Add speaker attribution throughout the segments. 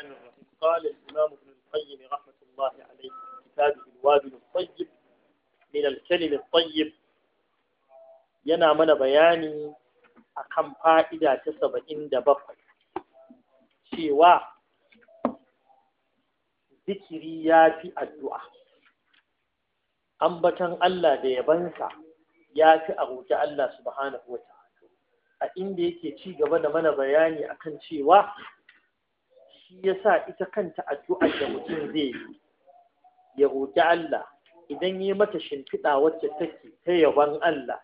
Speaker 1: الرحمن الرحيم قال الإمام ابن القيم رحمة الله عليه في كتابه الوابل الطيب من الكلم الطيب yana mana bayani akan fa'ida ta saba'in da bakwai cewa zikiri ya fi addu'a ambatan Allah da yabansa ya fi a roƙi Allah subhanahu wa ta'ala a inda yake ci gaba da mana bayani akan cewa shi yasa ita kanta addu'ar da mutum zai yi ya roƙi Allah idan yi mata shimfiɗa wacce take ta yaban Allah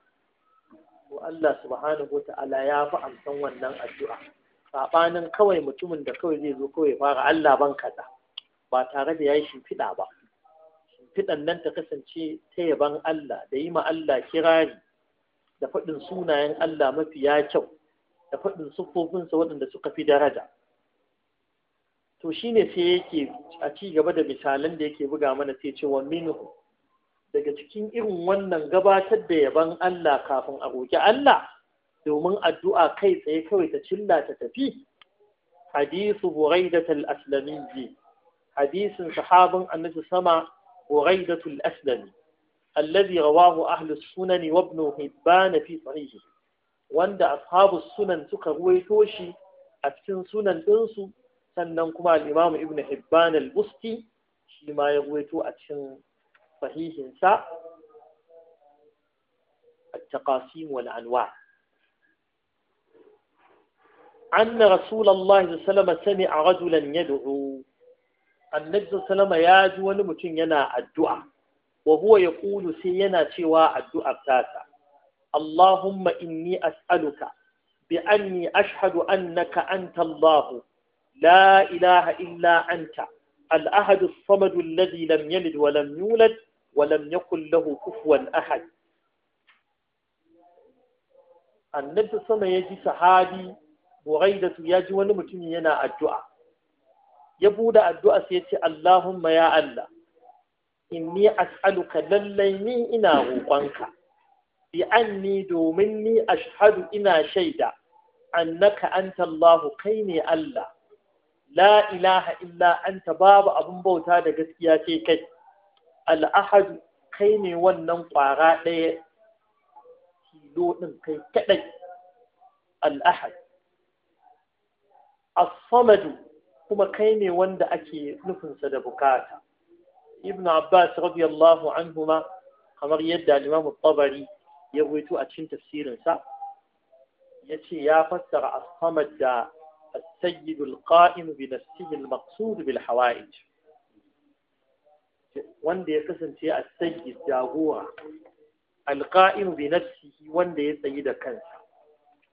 Speaker 1: ko Allah subhanahu ta'ala ya fi amsan wannan addu'a saɓanin kawai mutumin da kawai zai zo kawai fara Allah ban kaza ba tare da ya yi shimfiɗa ba shimfiɗan nan ta kasance ta yaban Allah da yi ma Allah kirari da faɗin sunayen Allah mafiya kyau da faɗin siffofinsa waɗanda suka fi daraja to shine sai yake a ci gaba da misalan da yake buga mana sai ce wa minhu daga cikin irin wannan gabatar da yaban Allah kafin a roki Allah domin addu'a kai tsaye kawai ta cilla ta tafi hadisu buraidat al-aslami hadisin sahabin annabi sama buraidat al-aslami alladhi rawahu ahli sunan wa ibn hibban fi sahihi wanda ashabu sunan suka ruwaito shi a cikin sunan ɗinsu sannan kuma al’imam ibn hibban busti shi ma ya ruwaito a cikin fahihinsa a taƙasim wani anwa an rasulallah da salama sani a rajulan ya da'o annabi da salama ya ji wani mutum yana addu’a wa ya ƙulu sai yana cewa addu’a tata Allahumma inni as'aluka bi anni ashhadu annaka antallahu. لا إله إلا أنت الأحد الصمد الذي لم يلد ولم يولد ولم يكن له كفوا أحد annabi sama ya ji sahabi buraidatu ya ji wani mutum yana addu'a ya buɗe addu'a sai ya ce Allahumma ya Allah inni as'aluka lallai ni ina roƙonka bi anni domin ni ashhadu ina shaida annaka anta Allah kai ne Allah la ilaha illa anta babu abun bauta da gaskiya sai kai al'ahadu kai ne wannan kwara ɗaya tilo ɗin kai kaɗai al'ahadu. as kuma kai ne wanda ake nufinsa da bukata ibn abbas radiyallahu anhuma kamar yadda al-imam tabari ya ruwaito a cikin tafsirinsa yace ya fassara as-samad da السيد القائم بنفسه المقصود بالحوائج wanda ya kasance a sayyid jagora alqa'im bi nafsihi wanda ya tsayi da kansa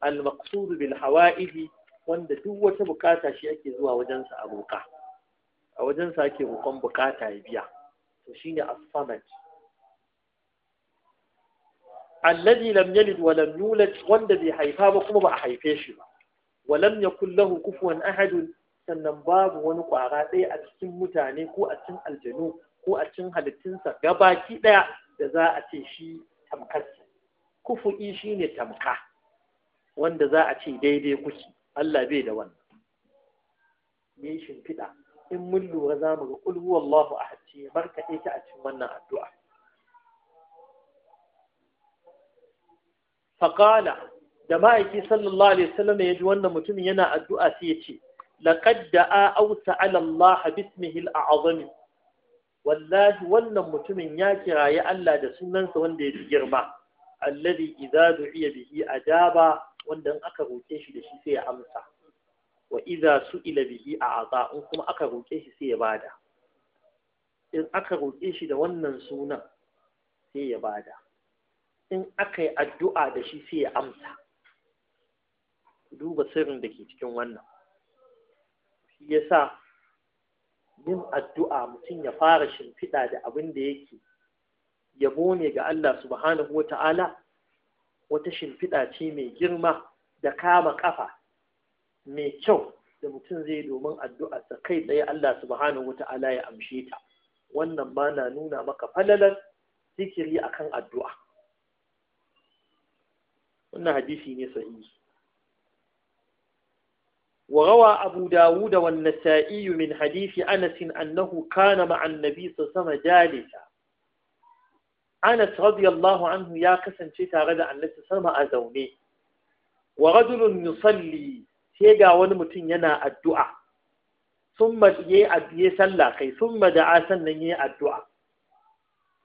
Speaker 1: al-maqsud bil hawa'iji wanda duk wata bukata shi ake zuwa wajen sa a roƙa a wajen sa ake roƙon bukata ya biya to shine as-samad alladhi lam yalid wa lam yulad wanda bai haifa ba kuma ba a haife shi ba walam ya kulle kufuwan ahad sannan babu wani kwara ɗaya a cikin mutane ko a cikin aljanu ko a cikin halittunsa gabaki ɗaya da za a ce shi tamkarsa kufu'i shine tamka wanda za a ce daidai kuki Allah bai da wannan me shimfiɗa in mun lura za mu ga kul huwallahu ahad ce markaɗe ta a cikin wannan addu'a faqala da ma'aiki sallallahu alaihi wasallam ya ji wannan mutumin yana addu'a sai ya ce laqad da'a ausa ala Allah bismihi al wallahi wannan mutumin ya kiraye Allah da sunansa wanda ya fi girma alladhi idza du'iya bihi ajaba wanda in aka roke shi da shi sai ya amsa wa idza su'ila bihi aza in kuma aka roke shi sai ya bada in aka roke shi da wannan sunan sai ya bada in aka yi addu'a da shi sai ya amsa duba sirrin da ke cikin wannan shi yasa yin addu'a mutum ya fara shimfiɗa da abin da yake yabo ne ga Allah subhanahu WaTa'ala, wata shimfiɗa ce mai girma da kama ƙafa mai kyau da mutum zai domin da kai tsaye Allah subhanahu WaTa'ala ya amshe ta wannan ba na nuna maka falalar zikiri akan addu'a wannan hadisi ne sahihi وروى أبو داود والنسائي من حديث أنس أنه كان مع النبي صلى الله عليه وسلم جالسا أنس رضي الله عنه يا كسن شتا غدا أن النبي صلى الله عليه وسلم أزوني ورجل يصلي سيقا ونمتن ينا الدعاء ثم يسلى كي ثم دعا سنن الدعاء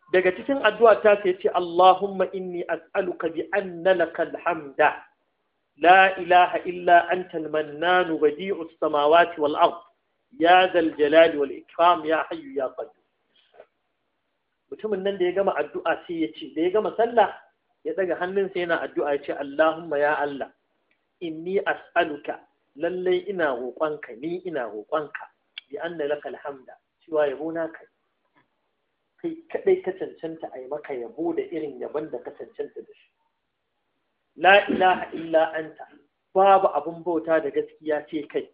Speaker 1: daga cikin addu'a ta sai ce Allahumma inni as'aluka bi anna lakal hamda لا إله إلا أنت المنان بديع السماوات والأرض يا ذا الجلال والإكرام يا حي يا قيوم mutumin nan da ya gama addu'a sai ya ce da ya gama sallah ya daga hannunsa yana addu'a ya ce Allahumma ya Allah inni as'aluka lallai ina roƙonka ni ina roƙonka bi anna lakal cewa yabo na kai kai kadai ka cancanta a yi maka yabo da irin yabon da ka cancanta da shi la ilaha illa anta babu abun bauta da gaskiya ce kai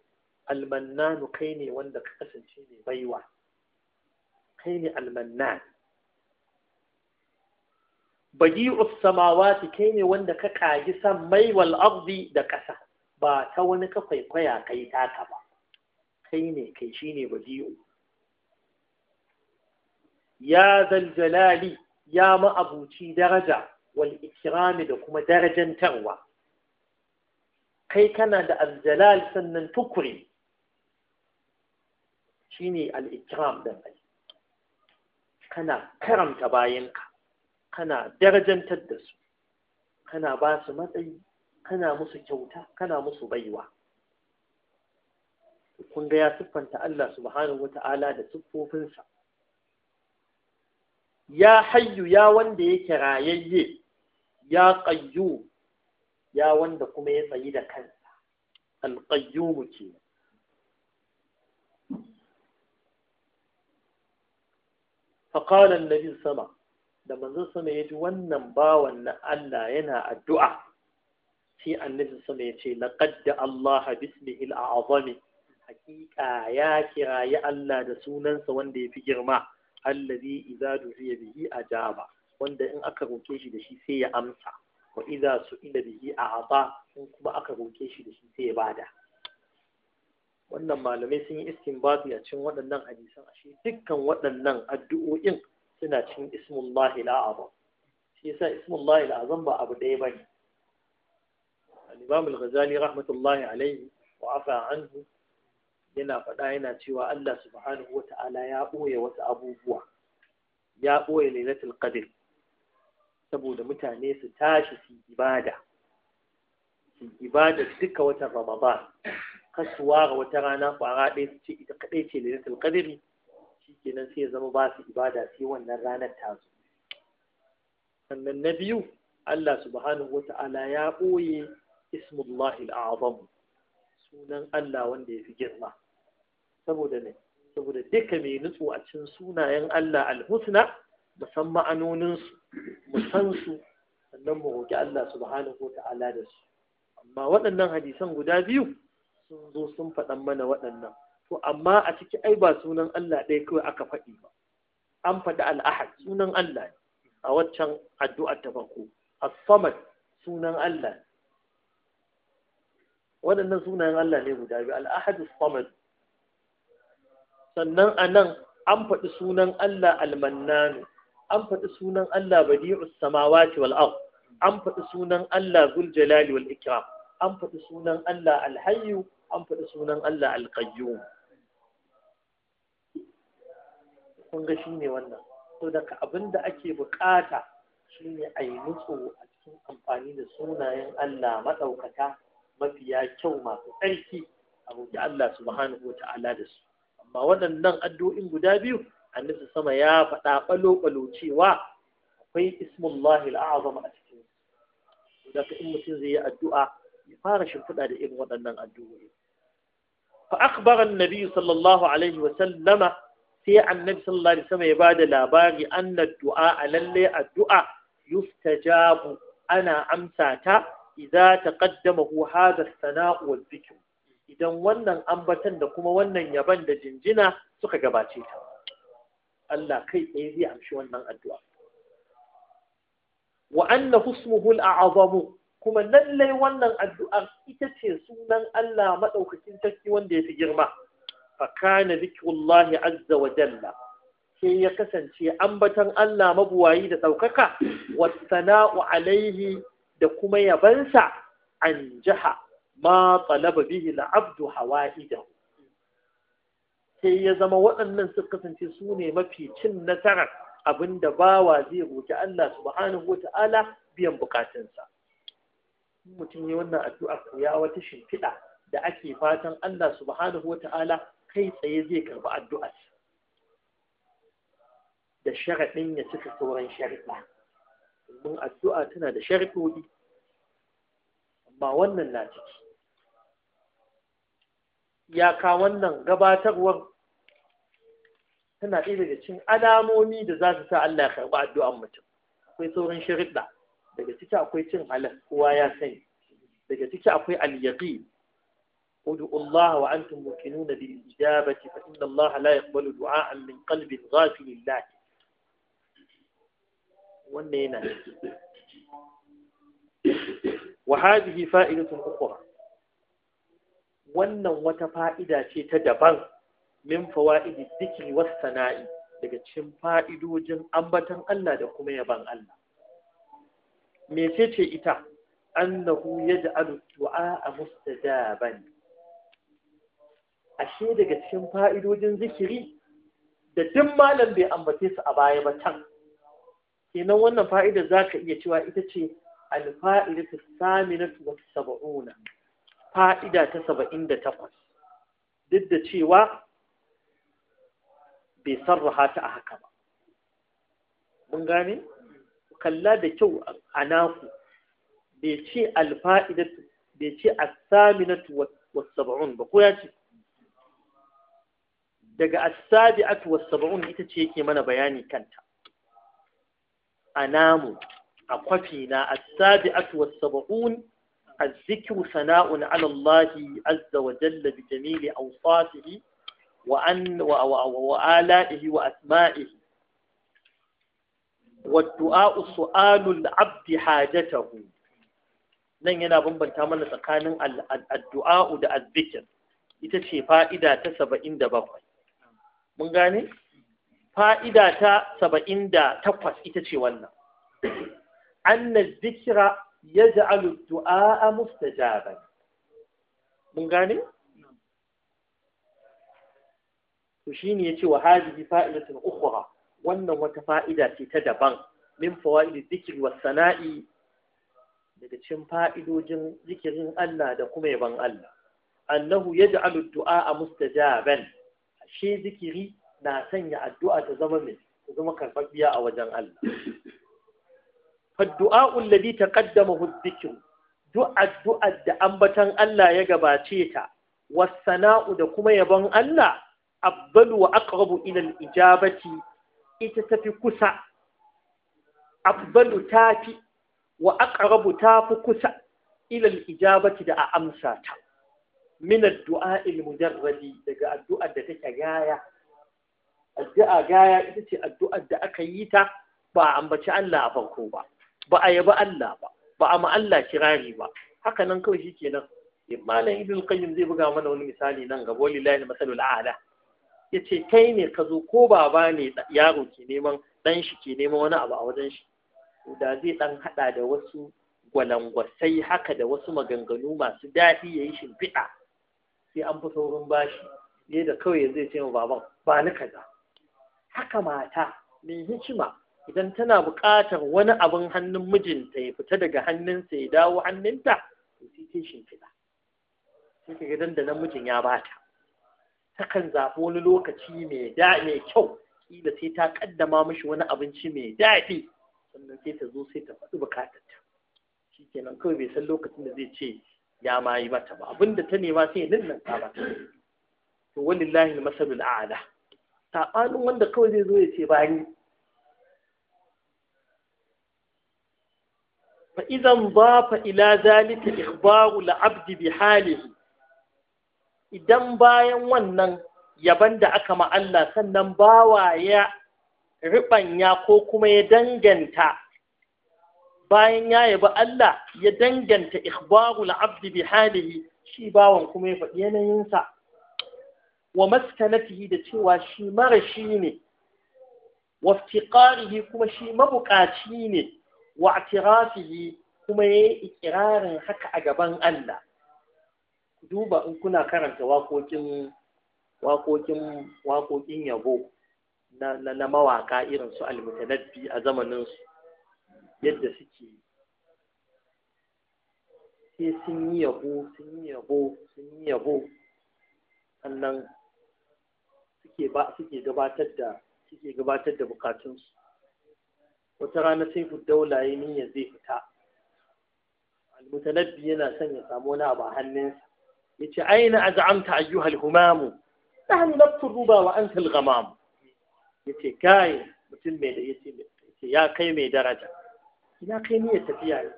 Speaker 1: almannanu kai ne wanda ka kasance mai baiwa kai ne almannan badi'us samawati kai ne wanda ka kaji san mai wal da ƙasa, ba ta wani ka kwaikwaya kai taka ba kai ne kai shine badi'u ya zal jalali ya ma'abuci daraja wal ikrami da kuma darajantarwa kai kana da aljalal sannan tukuri shine al-ikram din ai kana karamta bayanka kana darajantar da su kana ba su matsayi kana musu kyauta kana musu baiwa kun ga ya siffanta Allah subhanahu Ta'ala da siffofinsa ya hayyu ya wanda yake rayayye ya ƙayyu ya wanda kuma ya tsayi da kansa al-qayyum kenan na bin sama da manzon sama ya ji wannan bawan na Allah yana addu'a sai annabi sama ya ce laqad da Allah bismihi al'azami hakika ya kira ya Allah da sunansa wanda ya fi girma allazi idza du'iya bihi ajaba wanda in aka roke shi da shi sai ya amsa wa su su'ila bihi a'ata in kuma aka roke shi da shi sai ya bada wannan malamai sun yi babu a cin waɗannan hadisan ashe dukkan waɗannan addu'o'in suna cikin ismullahi al'azam shi yasa ismullahi al'azam ba abu ɗaya bane al-imam ghazali rahmatullahi alayhi wa afa anhu yana faɗa yana cewa Allah subhanahu wa ta'ala ya ɓoye wasu abubuwa ya ɓoye lailatul qadr saboda mutane su tashi su ibada su ibada duka watan ramadan kasuwa ga wata rana kwara ɗaya su ce ita kaɗai ce lailatul qadri shikenan sai ya zama ba su ibada sai wannan ranar ta zo sannan na biyu Allah subhanahu wa ta'ala ya ɓoye ismullahi al'azam sunan Allah wanda ya fi girma saboda ne saboda duka mai nutsu a cikin sunayen Allah al-husna musamman anoninsu mu san su sannan mu roƙi Allah subhanahu wa ta'ala da su amma waɗannan hadisan guda biyu sun zo sun faɗan mana waɗannan to amma a ciki ai ba sunan Allah ɗaya kawai aka faɗi ba an faɗi al'ahad sunan Allah a waccan addu'ar ta farko as-samad sunan Allah waɗannan sunayen Allah ne guda biyu al'ahad as-samad sannan anan an faɗi sunan Allah al-mannanu an faɗi sunan Allah badi'us samawati wal ard an faɗi sunan Allah zul jalali wal ikram an faɗi sunan Allah al hayyu an faɗi sunan Allah al qayyum kun ga shine wannan to daga abinda ake bukata shine a yi nutsu a cikin amfani da sunayen Allah maɗaukata mafiya kyau masu tsarki a Allah subhanahu wa ta'ala da su amma waɗannan addu'o'in guda biyu annabi sama ya faɗa ɓalo-ɓalo cewa akwai ismullahi la'azama a cikin su da in mutum zai yi addu'a ya fara shimfiɗa da irin waɗannan addu'o'i fa akhbara annabi sallallahu alaihi wa sallama sai annabi sallallahu alaihi wa sallama ya bada labari anna du'a lalle addu'a yuftajabu ana amsa ta idza taqaddamahu hadha as-sana'u wal idan wannan ambatan da kuma wannan yaban da jinjina suka gabace ta Allah kai tsaye zai amshi wannan addu'a wa annahu ismuhu al-a'zamu kuma lallai wannan addu'ar ita ce sunan Allah maɗaukakin sarki wanda ya fi girma, fakana zikirullahi azza wa jalla, Ke ya kasance ambatan Allah mabuwayi da ɗaukaka, wasana'u alaihi da kuma yabansa an jiha ma tsalaba bihi la'abdu hawa'idahu. sai ya zama waɗannan su kasance su ne mafi cin nasarar abinda bawa zai roki Allah subhanahu wa ta'ala biyan bukatunsa mutum ya wannan ko ya wata shimfiɗa da ake fatan Allah subhanahu wa ta'ala kai tsaye zai karɓi addu'a da sharaɗin ya cika sauran sharaɗa domin addu'a tana da sharaɗoɗi amma wannan na ciki Ya ka wannan gabatarwar suna ɗaya daga cikin alamomi da za su sa Allah ya karɓi addu'an mutum akwai sauran shirɗa daga ciki akwai cin halal kowa ya sani daga ciki akwai al-yaqin ادعوا الله وأنتم موقنون بالإجابة فإن الله لا يقبل دعاء من قلب غافل له والنينة وهذه فائدة أخرى wannan wata fa'ida ce ta daban min fawaidi dhikri was sana'i daga cikin fa'idojin ambatan Allah da kuma yaban Allah mecece ita annahu yaj'alu du'a mustajaban ashe daga cikin fa'idojin zikiri da duk malam bai ambace su a baya ba can kenan wannan fa'ida za ka iya cewa ita ce alfa'idatu saminatu wa sab'una fa'ida ta saba'in da takwas duk da cewa bai sarraha ta a haka ba mun gane kalla da kyau a naku bai ce alfa'idatu bai ce asaminatu wasaba'un ba ko ya ce daga asabi'atu wasaba'un ita ce yake mana bayani kanta a namu a kwafi na asabi'atu wasaba'un الذكر ثناء على الله عز وجل بجميل أوصافه وأن وآلائه وأسمائه والدعاء سؤال العبد حاجته nan yana bambanta mana tsakanin addu'a'u da azzikir ita ce fa'ida ta saba'in da bakwai mun gane? fa'ida ta saba'in da takwas ita ce wannan an na zikira ya ja'alu du'a mustajaban mun gane? to shine yace wa hadhihi fa'idatun ukhra wannan wata fa'ida ce ta daban min fawaidi dhikri was sana'i daga cikin fa'idojin zikirin Allah da kuma yaban Allah annahu yaj'alu du'a mustajaban shi zikiri na sanya addu'a ta zama mai ta zama karɓaɓɓiya a wajen Allah فالدعاء alladhi تقدمه الذكر duk addu'ar da ambatan Allah ya gabace ta wasana'u da kuma yabon Allah abbalu wa aqrabu ila al-ijabati ita tafi kusa afdalu tafi wa aqrabu tafi kusa ila al-ijabati da a amsa ta min ad-du'a al-mujarradi daga addu'ar da take gaya addu'a gaya ita ce addu'ar da aka yi ta ba a ambaci Allah a farko ba ba a yabi Allah ba ba a ma Allah kirari ba haka nan kawai shikenan malam ibn qayyim zai buga mana wani misali nan gaba wallahi masalul a'la ya ce kai ne ka zo ko baba ne yaro ke neman ɗan shi ke neman wani abu a wajen shi da zai ɗan haɗa da wasu gwalangwasai haka da wasu maganganu masu daɗi ya yi shimfiɗa sai an fi saurin bashi ne da kawai zai ce baban ba ni kaza haka mata mai hikima idan tana buƙatar wani abin hannun mijinta ya fita daga hannunsa ya dawo hannunta to sai ta shimfiɗa sai ka ga da namijin ya bata takan zaɓi wani lokaci mai kyau ƙila sai ta ƙaddama mishi wani abinci mai daɗi sannan sai ta zo sai ta faɗi bukatarta shi kenan kawai bai san lokacin da zai ce ya ma yi mata ba abinda ta nema sai ya nan ba to walillahi masalul a'ala saɓanin wanda kawai zai zo ya ce bani fa idan dafa ila zalika ikhbaru al bi halihi idan bayan wannan yaban da aka ma Allah sannan bawa ya riɓanya ko kuma ya danganta bayan ya yabi Allah ya danganta ikhbarul abdi bi halihi shi bawan kuma ya faɗi yanayinsa wa maskanatihi da cewa shi marashi ne wa iftiqarihi kuma shi mabuƙaci ne wa atirafihi kuma ya yi ikirarin haka a gaban Allah duba in kuna karanta waƙoƙin waƙoƙin waƙoƙin yabo na na, na mawaka irin su almutanabbi a zamanin su yadda suke sai sun yi yabo sun yi yabo sun yi yabo sannan suke ba suke gabatar da suke gabatar da su wata rana sai daula ya niyya zai fita almutanabbi yana son ya samu wani abu a hannunsa يتي أين أزعمت أيها الهمام نحن نبت الربا وأنت الغمام يتي كاي مثل ميدا يتي يا قيمي درجة يا قيمي يتي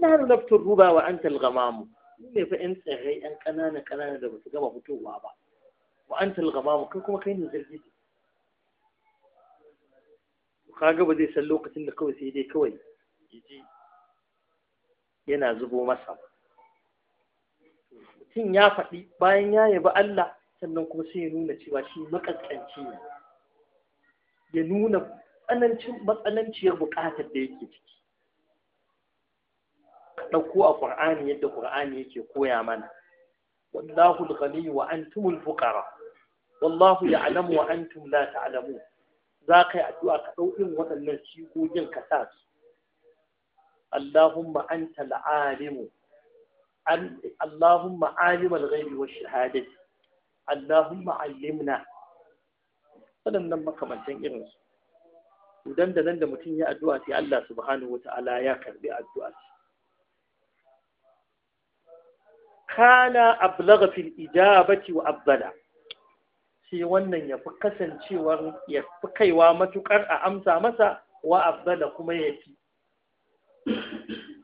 Speaker 1: نحن نبت الربا وأنت الغمام إني فإنت غي أن كنانا كنانا دابا تقام بتوا با وأنت الغمام كلكم خير نزل جديد وخاقة بدي سلوقة إن سيدي كوي يجي ينا مصر mutum ya faɗi bayan ya yabi Allah sannan kuma sai ya nuna cewa shi makaskanci ne ya nuna tsanancin matsananciyar buƙatar da yake ciki ka ɗauko a ƙur'ani yadda ƙur'ani yake koya mana wallahu al-ghani wa antumul fuqara wallahu ya'lamu wa antum la za ka yi addu'a ka ɗau irin waɗannan sigogin ka sa su Allahumma anta al اللهم عالم الغيب والشهادة اللهم علمنا waɗannan makamantan irinsu idan da nan da mutum ya addu'a sai Allah subhanahu wata'ala ya karbi addu'a kana ablagha fil ijabati wa abdala wannan ya fi kasancewar ya fi kaiwa matukar a amsa masa wa abdala kuma ya fi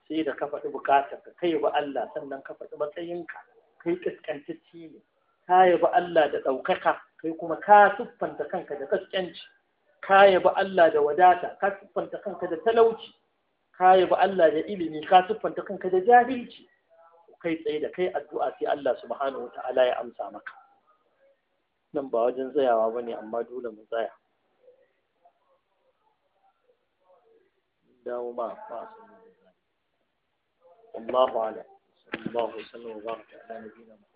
Speaker 1: sai da ka faɗi bukatar ka kai ba Allah sannan ka faɗi matsayinka kai ƙasƙantacci ne ka yabi Allah da ɗaukaka kai kuma ka siffanta kanka da ƙasƙanci ka yabi Allah da wadata ka siffanta kanka da talauci ka yabi Allah da ilimi ka siffanta kanka da jahilci kai tsaye da kai addu'a sai Allah subhanahu wata'ala ya amsa maka nan ba wajen tsayawa bane amma dole mu tsaya dawo ma الله أعلم صلى الله وسلم وبارك على نبينا محمد